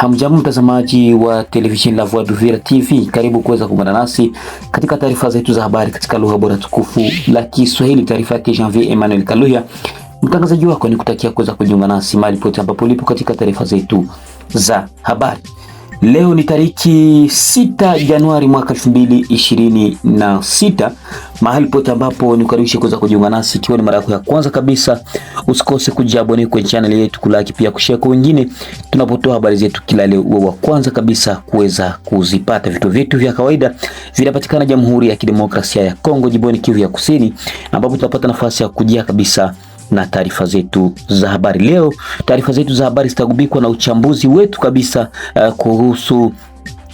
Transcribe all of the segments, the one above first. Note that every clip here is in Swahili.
Hamjambo mtazamaji wa televisheni La Voix d'Uvira TV, karibu kuweza kuungana nasi katika taarifa zetu za habari katika lugha bora tukufu la Kiswahili. Taarifa yake Janvier Emmanuel Kaluya, mtangazaji wako ni kutakia kuweza kujiunga nasi mahali pote ambapo ulipo katika taarifa zetu za habari. Leo ni tariki 6 Januari mwaka 2026, mahali pote ambapo ni nikukaribisha kuweza kujiunga nasi, ikiwa ni mara yako ya kwanza kabisa, usikose kujiabone kwenye channel yetu, kulaki pia kushare kwa wengine, tunapotoa habari zetu kila leo, uwe wa kwanza kabisa kuweza kuzipata. Vitu vyetu vya kawaida vinapatikana Jamhuri ya Kidemokrasia ya Kongo, jimboni Kivu ya Kusini, ambapo tunapata nafasi ya kujia kabisa na taarifa zetu za habari. Leo taarifa zetu za habari zitagubikwa na uchambuzi wetu kabisa uh, kuhusu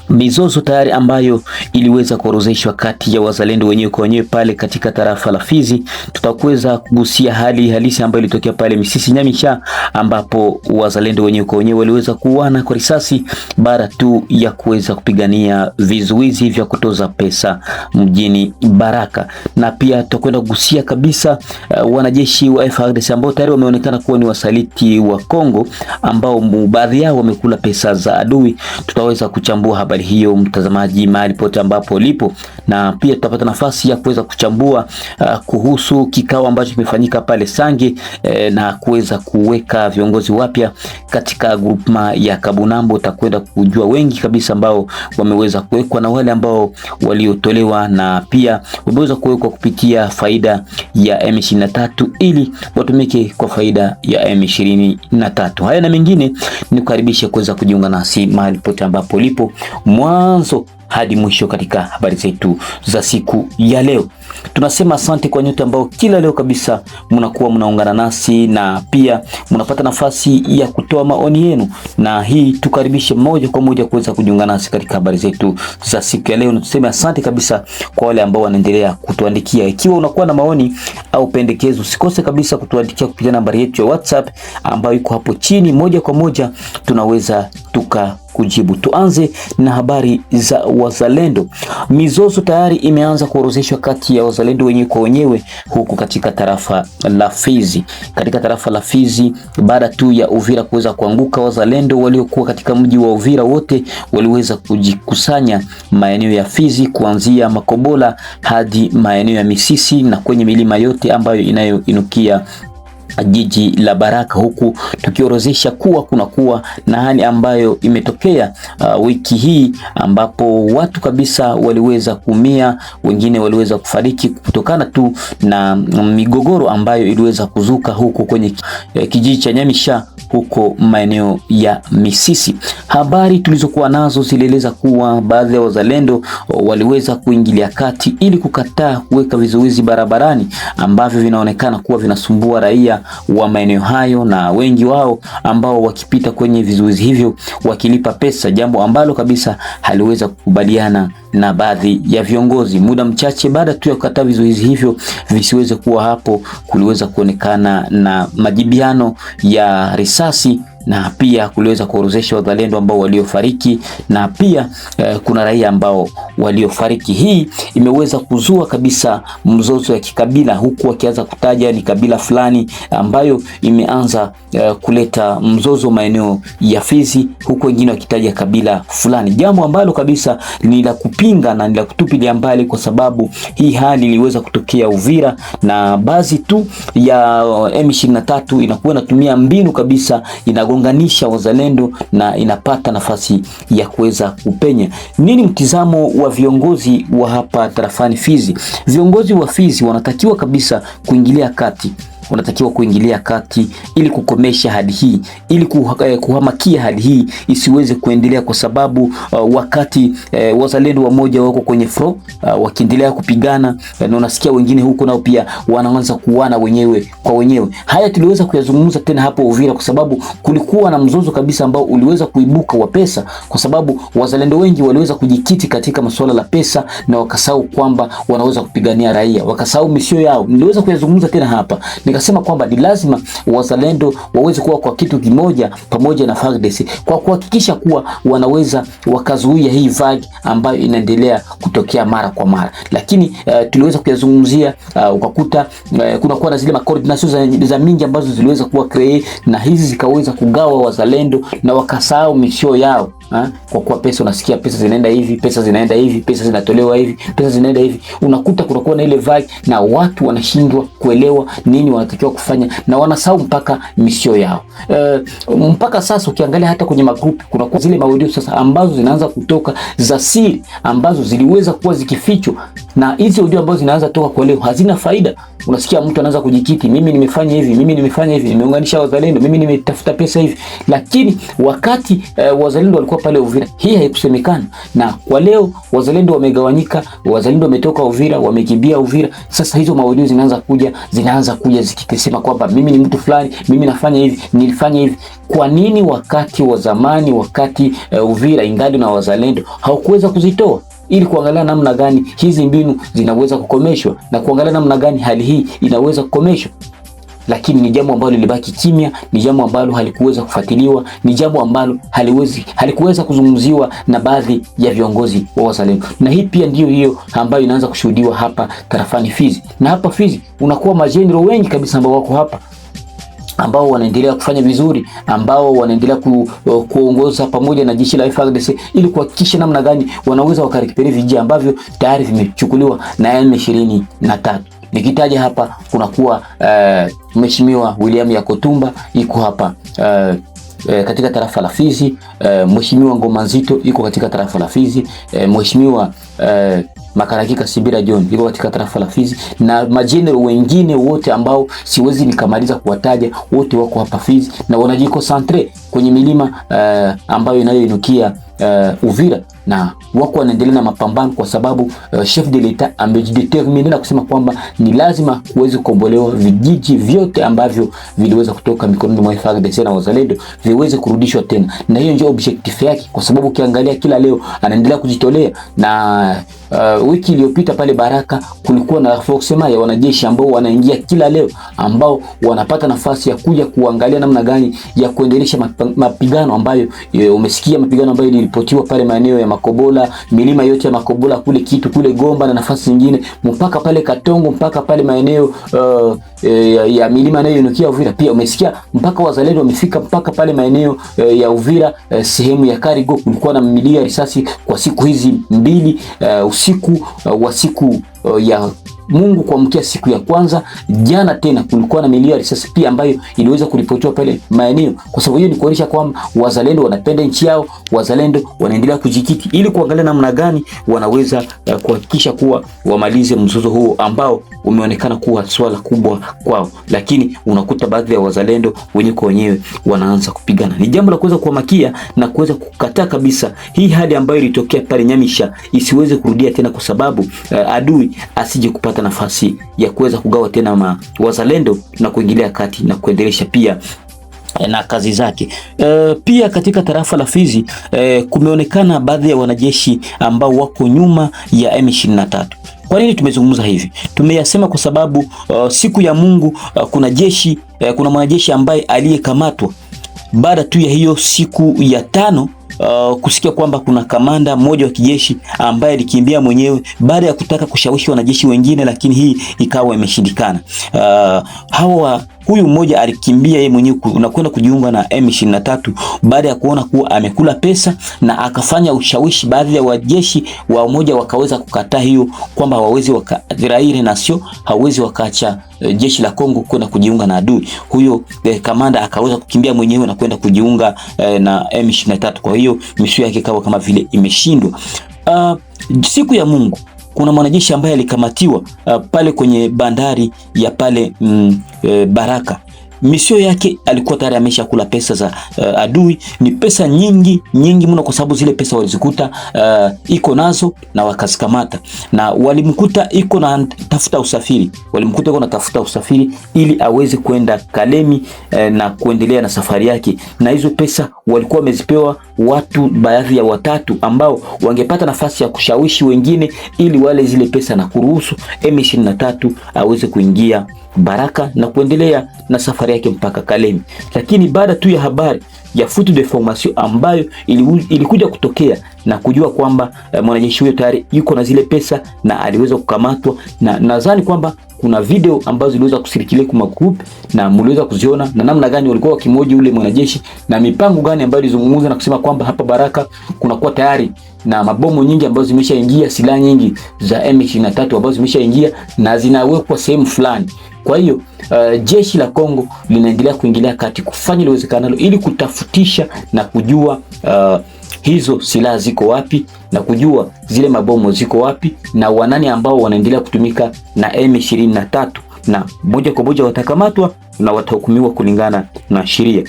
mizozo tayari ambayo iliweza kuorozeshwa kati ya wazalendo wenyewe kwa wenyewe pale katika tarafa la Fizi. Tutakuweza kugusia hali halisi ambayo ilitokea pale Misisi Nyamisha, ambapo wazalendo wenyewe kwa wenyewe waliweza kuuana kwa risasi bara tu ya kuweza kupigania vizuizi vya kutoza pesa mjini Baraka, na pia tutakwenda kugusia kabisa uh, wanajeshi wa FARDC ambao tayari wameonekana kuwa ni wasaliti wa Kongo, ambao baadhi yao wamekula pesa za adui. Tutaweza kuchambua habari habari hiyo, mtazamaji, mahali pote ambapo ulipo, na pia tutapata nafasi ya kuweza kuchambua uh, kuhusu kikao ambacho kimefanyika pale Sange eh, na kuweza kuweka viongozi wapya katika grupma ya Kabunambo. Utakwenda kujua wengi kabisa ambao wameweza kuwekwa na wale ambao waliotolewa, na pia wameweza kuwekwa kupitia faida ya M23 ili watumike kwa faida ya M23. Haya na mengine, ni kukaribisha kuweza kujiunga nasi mahali pote ambapo ulipo mwanzo hadi mwisho katika habari zetu za siku ya leo. Tunasema asante kwa nyote ambao kila leo kabisa mnakuwa mnaungana nasi na pia mnapata nafasi ya kutoa maoni yenu, na hii tukaribishe moja kwa moja kuweza kujiunga nasi katika habari zetu za siku ya leo, na tuseme asante kabisa kwa wale ambao wanaendelea kutuandikia. Ikiwa unakuwa na maoni au pendekezo, usikose kabisa kutuandikia kupitia nambari yetu ya WhatsApp ambayo iko hapo chini. Moja kwa moja tunaweza tuka kujibu. Tuanze na habari za wazalendo. Mizozo tayari imeanza kuorozeshwa kati ya wazalendo wenyewe kwa wenyewe huku katika tarafa la Fizi, katika tarafa la Fizi baada tu ya Uvira kuweza kuanguka, wazalendo waliokuwa katika mji wa Uvira wote waliweza kujikusanya maeneo ya Fizi kuanzia Makobola hadi maeneo ya Misisi na kwenye milima yote ambayo inayoinukia jiji la Baraka, huku tukiorozesha kuwa kuna kuwa na hali ambayo imetokea uh, wiki hii ambapo watu kabisa waliweza kuumia, wengine waliweza kufariki kutokana tu na migogoro ambayo iliweza kuzuka huko kwenye e, kijiji cha Nyamisha huko maeneo ya Misisi. Habari tulizokuwa nazo zilieleza kuwa baadhi ya wazalendo waliweza kuingilia kati ili kukataa kuweka vizuizi barabarani ambavyo vinaonekana kuwa vinasumbua raia wa maeneo hayo, na wengi wao ambao wakipita kwenye vizuizi hivyo wakilipa pesa, jambo ambalo kabisa haliweza kukubaliana na baadhi ya viongozi. Muda mchache baada tu ya kukataa vizuizi hivyo visiweze kuwa hapo, kuliweza kuonekana na majibiano ya risasi na pia kuliweza kuorozesha wazalendo ambao waliofariki na pia eh, kuna raia ambao waliofariki. Hii imeweza kuzua kabisa mzozo ya kikabila, huku wakianza kutaja ni kabila fulani ambayo imeanza eh, kuleta mzozo maeneo ya Fizi, huku wengine wakitaja kabila fulani, jambo ambalo kabisa ni la kupinga na ni la kutupilia mbali, kwa sababu hii hali iliweza kutokea Uvira na baadhi tu ya eh, M23 inakuwa inatumia mbinu kabisa ina inaunganisha wazalendo na inapata nafasi ya kuweza kupenya. Nini mtizamo wa viongozi wa hapa tarafani Fizi? Viongozi wa Fizi wanatakiwa kabisa kuingilia kati unatakiwa kuingilia kati ili kukomesha hali hii, ili eh, kuhamakia hali hii isiweze kuendelea, kwa sababu uh, wakati uh, wazalendo wa moja wako kwenye fro uh, wakiendelea kupigana uh, na unasikia wengine huko nao pia wanaanza kuuana wenyewe kwa wenyewe. Haya tuliweza kuyazungumza tena hapo Uvira, kwa sababu kulikuwa na mzozo kabisa ambao uliweza kuibuka wa pesa, kwa sababu wazalendo wengi waliweza kujikiti katika masuala la pesa na wakasahau kwamba wanaweza kupigania raia, wakasahau misio yao. Niliweza kuyazungumza tena hapa Nika nikasema kwamba ni lazima wazalendo waweze kuwa kwa kitu kimoja pamoja na FARDC kwa kuhakikisha kuwa wanaweza wakazuia hii vagi ambayo inaendelea kutokea mara kwa mara, lakini uh, tuliweza kuyazungumzia uh, ukakuta uh, eh, kuna kuwa na zile makoordination za, za mingi ambazo ziliweza kuwa kree na hizi zikaweza kugawa wazalendo na wakasahau mishio yao Ha? Ah, kwa kuwa pesa unasikia pesa zinaenda hivi, pesa zinaenda hivi, pesa zinatolewa hivi, pesa zinaenda hivi, unakuta kunakuwa na ile vibe na watu wanashindwa kuelewa nini wanatakiwa kufanya na wanasahau mpaka misio yao. E, mpaka sasa ukiangalia hata kwenye magrupu kunakuwa zile maudio sasa ambazo zinaanza kutoka za siri ambazo ziliweza kuwa zikifichwa, na hizi audio ambazo zinaanza toka kwa leo hazina faida. Unasikia mtu anaanza kujikiti, mimi nimefanya hivi, mimi nimefanya hivi, nimeunganisha wazalendo, mimi nimetafuta pesa hivi. Lakini wakati uh, wazalendo walikuwa pale Uvira, hii haikusemekana. Na kwa leo wazalendo wamegawanyika, wazalendo wametoka Uvira, wamekimbia Uvira. Sasa hizo maudhui zinaanza kuja, zinaanza kuja zikisema kwamba mimi ni mtu fulani, mimi nafanya hivi, nilifanya hivi. Kwa nini wakati wa zamani, wakati uh, Uvira ingali na wazalendo, haukuweza kuzitoa? ili kuangalia namna gani hizi mbinu zinaweza kukomeshwa na kuangalia namna gani hali hii inaweza kukomeshwa. Lakini ni jambo ambalo lilibaki kimya, ni jambo ambalo halikuweza kufuatiliwa, ni jambo ambalo haliwezi halikuweza kuzungumziwa na baadhi ya viongozi wa wazalendo. Na hii pia ndiyo hiyo ambayo inaanza kushuhudiwa hapa tarafani Fizi, na hapa Fizi unakuwa majenero wengi kabisa ambao wako hapa ambao wanaendelea kufanya vizuri ambao wanaendelea ku, uh, kuongoza pamoja na jeshi la FARDC ili kuhakikisha namna gani wanaweza wakarekiperi vijiji ambavyo tayari vimechukuliwa na M23. Nikitaja hapa kunakuwa uh, Mheshimiwa William Yakotumba iko hapa uh, E, katika tarafa la Fizi e, Mheshimiwa Ngoma Nzito iko katika tarafa la Fizi e, Mheshimiwa e, Makaragika Sibira John iko katika tarafa la Fizi na majenero wengine wote ambao siwezi nikamaliza kuwataja wote wako hapa Fizi na wanajikonsantre kwenye milima uh, ambayo inayoinukia uh, Uvira na wako wanaendelea na mapambano kwa sababu uh, chef de l'etat amejidetermine na kusema kwamba ni lazima kuweze kukombolewa vijiji vyote ambavyo viliweza kutoka mikononi mwa FARDC na wazalendo viweze kurudishwa tena, na hiyo ndio objective yake, kwa sababu ukiangalia kila leo anaendelea kujitolea na Uh, wiki iliyopita pale Baraka kulikuwa na foksema ya wanajeshi ambao wanaingia kila leo, ambao wanapata nafasi ya kuja kuangalia namna gani ya kuendelesha mapigano ambayo e, umesikia mapigano ambayo iliripotiwa pale maeneo ya Makobola, milima yote ya Makobola kule Kitu kule Gomba na nafasi nyingine mpaka pale Katongo mpaka pale maeneo uh, e, ya, ya milima inayoinukia Uvira. Pia umesikia mpaka wazalendo wamefika mpaka pale maeneo e, ya Uvira e, sehemu ya Karigo kulikuwa na milia risasi kwa siku hizi mbili e, usiku e, wa siku e, ya Mungu kuamkia siku ya kwanza jana, tena kulikuwa na milio ya risasi pia ambayo iliweza kuripotiwa pale maeneo. Kwa sababu hiyo ni kuonyesha kwamba wazalendo wanapenda nchi yao, wazalendo wanaendelea kujikiti ili kuangalia namna gani wanaweza eh, kuhakikisha kuwa wamalize mzozo huo ambao umeonekana kuwa swala kubwa kwao, lakini unakuta baadhi ya wazalendo wenye kwa wenyewe wanaanza kupigana. Ni jambo la kuweza kuhamakia na kuweza kukataa kabisa hii hali ambayo ilitokea pale Nyamisha isiweze kurudia tena, kwa sababu uh, adui asije kupata kupata nafasi ya kuweza kugawa tena ma wazalendo na kuingilia kati na kuendelesha pia eh, na kazi zake. E, pia katika tarafa la Fizi e, kumeonekana baadhi ya wanajeshi ambao wako nyuma ya M23. Kwa nini tumezungumza hivi? Tumeyasema kwa sababu uh, siku ya Mungu uh, kuna jeshi uh, kuna mwanajeshi ambaye aliyekamatwa baada tu ya hiyo siku ya tano uh, kusikia kwamba kuna kamanda mmoja wa kijeshi ambaye alikimbia mwenyewe baada ya kutaka kushawishi wanajeshi wengine, lakini hii ikawa imeshindikana. Uh, hawa Huyu mmoja alikimbia yeye mwenyewe na kwenda kujiunga na M23 baada ya kuona kuwa amekula pesa na akafanya ushawishi. Baadhi ya wajeshi wa umoja wakaweza kukataa hiyo kwamba hawawezi wakadhiraire na sio hawezi wakaacha eh, jeshi la Kongo kwenda kujiunga na adui huyo. Eh, kamanda akaweza kukimbia mwenyewe na kwenda kujiunga eh, na M23. Kwa hiyo misio yake kama vile imeshindwa. Uh, siku ya Mungu kuna mwanajeshi ambaye alikamatiwa uh, pale kwenye bandari ya pale mm, e, Baraka misio yake alikuwa tayari ameshakula pesa za uh, adui. Ni pesa nyingi nyingi mno, kwa sababu zile pesa walizikuta uh, iko nazo na wakazikamata, na walimkuta iko na tafuta usafiri, walimkuta iko na tafuta usafiri ili aweze kwenda Kalemi uh, na kuendelea na safari yake. Na hizo pesa walikuwa wamezipewa watu baadhi ya watatu ambao wangepata nafasi ya kushawishi wengine ili wale zile pesa na kuruhusu M23 aweze kuingia Baraka na kuendelea na safari yake mpaka Kalemi. Lakini baada tu ya habari ya futu de formation ambayo ilikuja kutokea na kujua kwamba eh, mwanajeshi huyo tayari yuko na zile pesa na aliweza kukamatwa, na nadhani kwamba kuna video ambazo ziliweza kusirikile kwa magroup na mliweza kuziona na namna gani walikuwa wakimoja ule mwanajeshi na mipango gani ambayo ilizungumza na kusema kwamba hapa Baraka kunakuwa tayari na mabomu nyingi ambazo zimeshaingia, silaha nyingi za M23 ambazo zimeshaingia na zinawekwa sehemu fulani kwa hiyo uh, jeshi la Kongo linaendelea kuingilia kati kufanya liwezekanalo ili kutafutisha na kujua uh, hizo silaha ziko wapi na kujua zile mabomu ziko wapi na wanani ambao wanaendelea kutumika na M23 na moja kwa moja watakamatwa na watahukumiwa kulingana na sheria.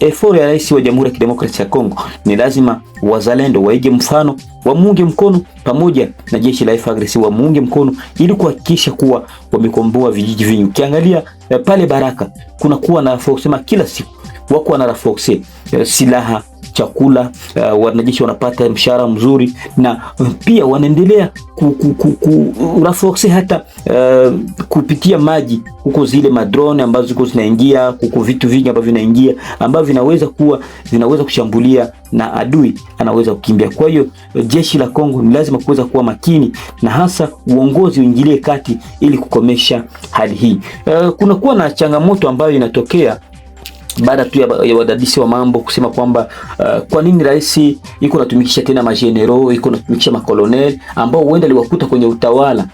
Eforo ya rais wa Jamhuri ya Kidemokrasia ya Kongo ni lazima wazalendo waige mfano, wamuunge mkono pamoja na jeshi la FARDC wamuunge mkono ili kuhakikisha kuwa wamekomboa vijiji vingi. Ukiangalia eh, pale Baraka kuna kuwa na force kila siku wako na force eh, silaha chakula uh, wanajeshi wanapata mshahara mzuri na uh, pia wanaendelea ku, ku, ku, ku hata uh, kupitia maji huko zile madrone ambazo ziko zinaingia huko, vitu vingi ambavyo vinaingia ambavyo vinaweza kuwa vinaweza kushambulia na adui anaweza kukimbia. Kwa hiyo uh, jeshi la Kongo ni lazima kuweza kuwa makini na hasa uongozi uingilie kati ili kukomesha hali hii. Uh, kunakuwa na changamoto ambayo inatokea baada tu ya, ya wadadisi wa mambo kusema kwamba uh, kwa nini rais iko natumikisha tena majenero iko natumikisha makolonel ambao huenda aliwakuta kwenye utawala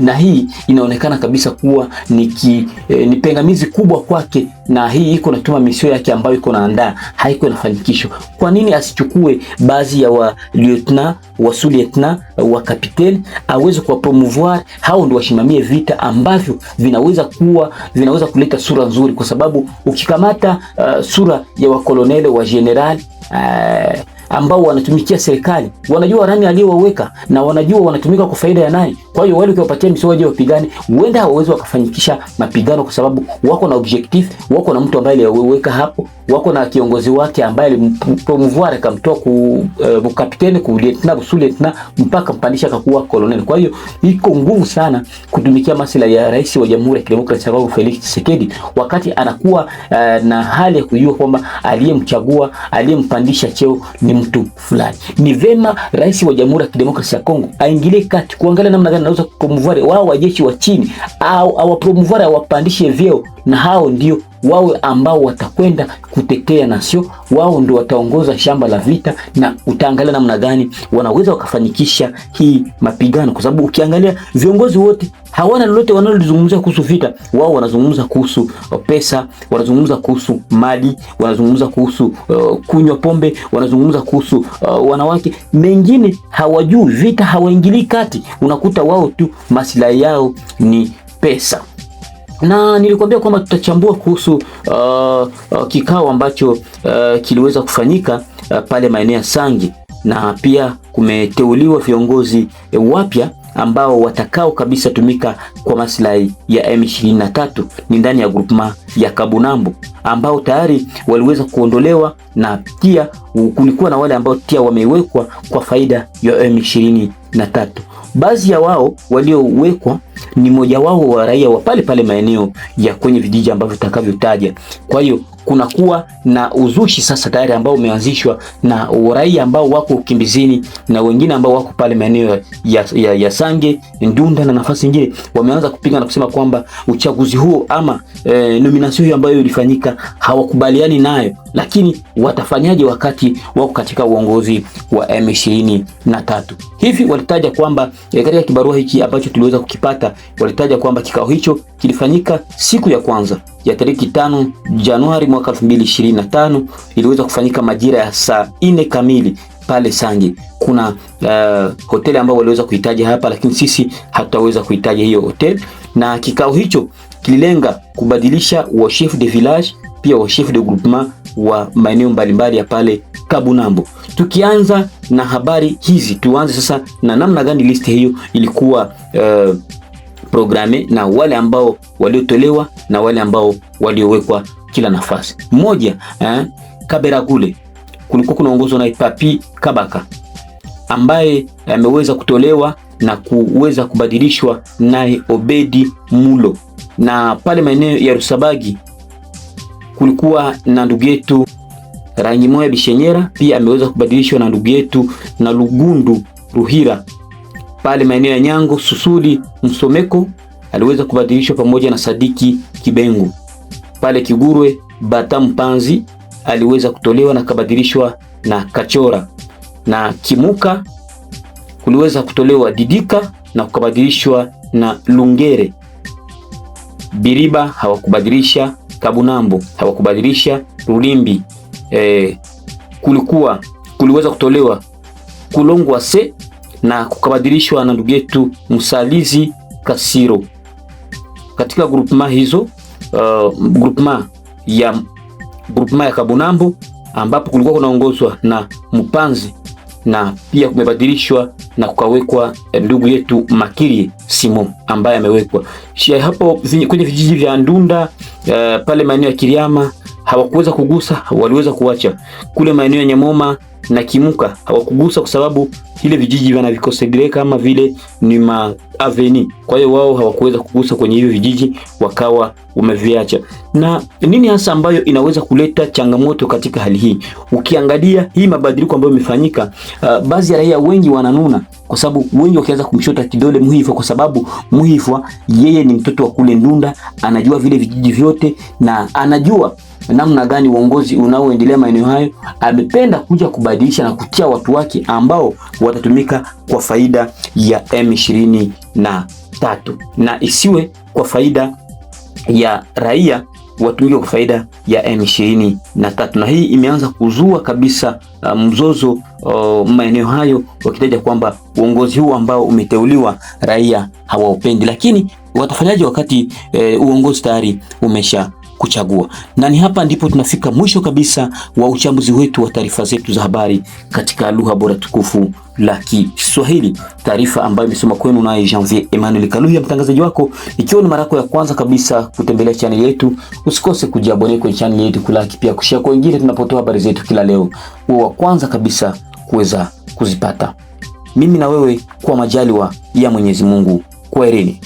na hii inaonekana kabisa kuwa ni, ki, eh, ni pengamizi kubwa kwake, na hii iko natuma misio yake ambayo iko naandaa haiko inafanikishwa. Kwa nini asichukue baadhi ya wa lieutenant wa sulietna wa capitaine aweze kuwa promouvoir? Hao ndio wasimamie vita ambavyo vinaweza kuwa vinaweza kuleta sura nzuri, kwa sababu ukikamata uh, sura ya wakolonele wa general uh, ambao wanatumikia serikali wanajua nani aliyowaweka na wanajua wanatumika kwa faida ya nani. Kwa hiyo wale ukiwapatia misiwa waje wapigane, huenda hawawezi wakafanikisha mapigano, kwa sababu wako na objective, wako na mtu ambaye aliyeweka hapo wako na kiongozi wake ambaye alimpromouvoir akamtoa ku uh, eh, kapteni ku lieutenant ku lieutenant mpaka mpandisha akakuwa colonel. Kwa hiyo iko ngumu sana kutumikia maslahi ya rais wa Jamhuri ya Kidemokrasia ya Kongo Felix Tshisekedi, wakati anakuwa uh, na hali ya kujua kwamba aliyemchagua aliyempandisha cheo ni mtu fulani. Ni vema rais wa Jamhuri ya Kidemokrasia ya Kongo aingilie kati kuangalia namna gani anaweza kupromouvoir wao wajeshi wa chini au awapromouvoir awapandishe vyeo na hao ndio wawe ambao watakwenda kutetea, na sio wao ndio wataongoza shamba la vita, na utaangalia namna gani wanaweza wakafanikisha hii mapigano, kwa sababu ukiangalia viongozi wote hawana lolote wanalozungumzia kuhusu vita. Wao wanazungumza kuhusu uh, pesa, wanazungumza kuhusu mali, wanazungumza kuhusu uh, kunywa pombe, wanazungumza kuhusu uh, wanawake. Mengine hawajui, vita hawaingilii kati. Unakuta wao tu masilahi yao ni pesa na nilikuambia kwamba tutachambua kuhusu uh, uh, kikao ambacho uh, kiliweza kufanyika uh, pale maeneo ya Sangi na pia kumeteuliwa viongozi eh, wapya ambao watakao kabisa tumika kwa maslahi ya M23 ni ndani ya grupma ya Kabunambu ambao tayari waliweza kuondolewa na pia kulikuwa na wale ambao pia wamewekwa kwa faida ya M23 na tatu. Baadhi ya wao waliowekwa ni mmoja wao wa raia wa pale pale maeneo ya kwenye vijiji ambavyo tutakavyotaja. Kwa hiyo kunakuwa na uzushi sasa tayari ambao umeanzishwa na raia ambao wako ukimbizini na wengine ambao wako pale maeneo ya, ya, ya Sange, Ndunda na nafasi nyingine wameanza kupinga na kusema kwamba uchaguzi huo ama e, eh, nomination hiyo ambayo ilifanyika hawakubaliani nayo lakini watafanyaje wakati wako katika uongozi wa M23? Hivi walitaja kwamba eh, katika kibarua hiki ambacho tuliweza kukipata, walitaja kwamba kikao hicho kilifanyika siku ya kwanza ya tariki tano Januari mwaka 2025, iliweza kufanyika majira ya saa nne kamili pale Sange. Kuna uh, hoteli ambayo waliweza kuhitaji hapa, lakini sisi hatutaweza kuhitaji hiyo hoteli, na kikao hicho kililenga kubadilisha wa chef de village pia wa chef de groupement wa maeneo mbalimbali ya pale Kabunambo. Tukianza na habari hizi, tuanze sasa na namna gani list hiyo ilikuwa uh, programe na wale ambao waliotolewa na wale ambao waliowekwa kila nafasi moja. Eh, Kaberakule kulikuwa kunaongozwa na Ipapi Kabaka ambaye ameweza kutolewa na kuweza kubadilishwa naye Obedi Mulo, na pale maeneo ya Rusabagi kulikuwa na ndugu yetu rangi moya Bishenyera, pia ameweza kubadilishwa na ndugu yetu na Lugundu Ruhira pale maeneo ya Nyango. Susuli Msomeko aliweza kubadilishwa pamoja na Sadiki Kibengu. Pale Kigurwe Bata Mpanzi aliweza kutolewa na kabadilishwa na Kachora, na Kimuka kuliweza kutolewa Didika na kukabadilishwa na Lungere. Biriba hawakubadilisha, Kabunambo hawakubadilisha, Rulimbi e, eh, kulikuwa kuliweza kutolewa kulongwa se na kukabadilishwa na ndugu yetu Msalizi Kasiro katika grupma hizo, uh, eh, grupma ya grupma ya Kabunambo ambapo kulikuwa kunaongozwa na Mpanzi na pia kumebadilishwa na kukawekwa eh, ndugu yetu makiri Simo ambaye amewekwa hapo kwenye vijiji vya Ndunda uh, pale maeneo ya Kiriama hawakuweza kugusa, waliweza kuacha kule maeneo ya Nyamoma na Kimuka hawakugusa kwa sababu ile vijiji vanavikosegele kama vile ni ma maaveni. Kwa hiyo wao hawakuweza kugusa kwenye hivyo vijiji, wakawa wameviacha. Na nini hasa ambayo inaweza kuleta changamoto katika hali hii? Ukiangalia hii mabadiliko ambayo imefanyika, uh, baadhi ya raia wengi wananuna kwa sababu wengi wakianza kumshota kidole Muhifwa kwa sababu Muhifwa yeye ni mtoto wa kule Ndunda, anajua vile vijiji vyote na anajua namna gani uongozi unaoendelea maeneo hayo amependa kuja kubadilisha na kutia watu wake ambao watatumika kwa faida ya M23 na, na isiwe kwa faida ya raia watumike kwa faida ya M23 na, na hii imeanza kuzua kabisa uh, mzozo uh, maeneo hayo wakitaja kwamba uongozi huu ambao umeteuliwa raia hawaupendi, lakini watafanyaje wakati uh, uongozi tayari umesha kuchagua. Na ni hapa ndipo tunafika mwisho kabisa wa uchambuzi wetu wa taarifa zetu za habari katika lugha bora tukufu la Kiswahili, taarifa ambayo imesoma kwenu naye Janvier Emmanuel Kaluya, mtangazaji wako. Ikiwa ni mara yako ya kwanza kabisa kutembelea chaneli yetu, usikose kujiabone kwenye chaneli yetu, kulaki pia kushare kwa wengine tunapotoa habari zetu kila leo, uwe wa kwanza kabisa kuweza kuzipata. Mimi na wewe kwa majaliwa ya Mwenyezi Mungu, kwaherini.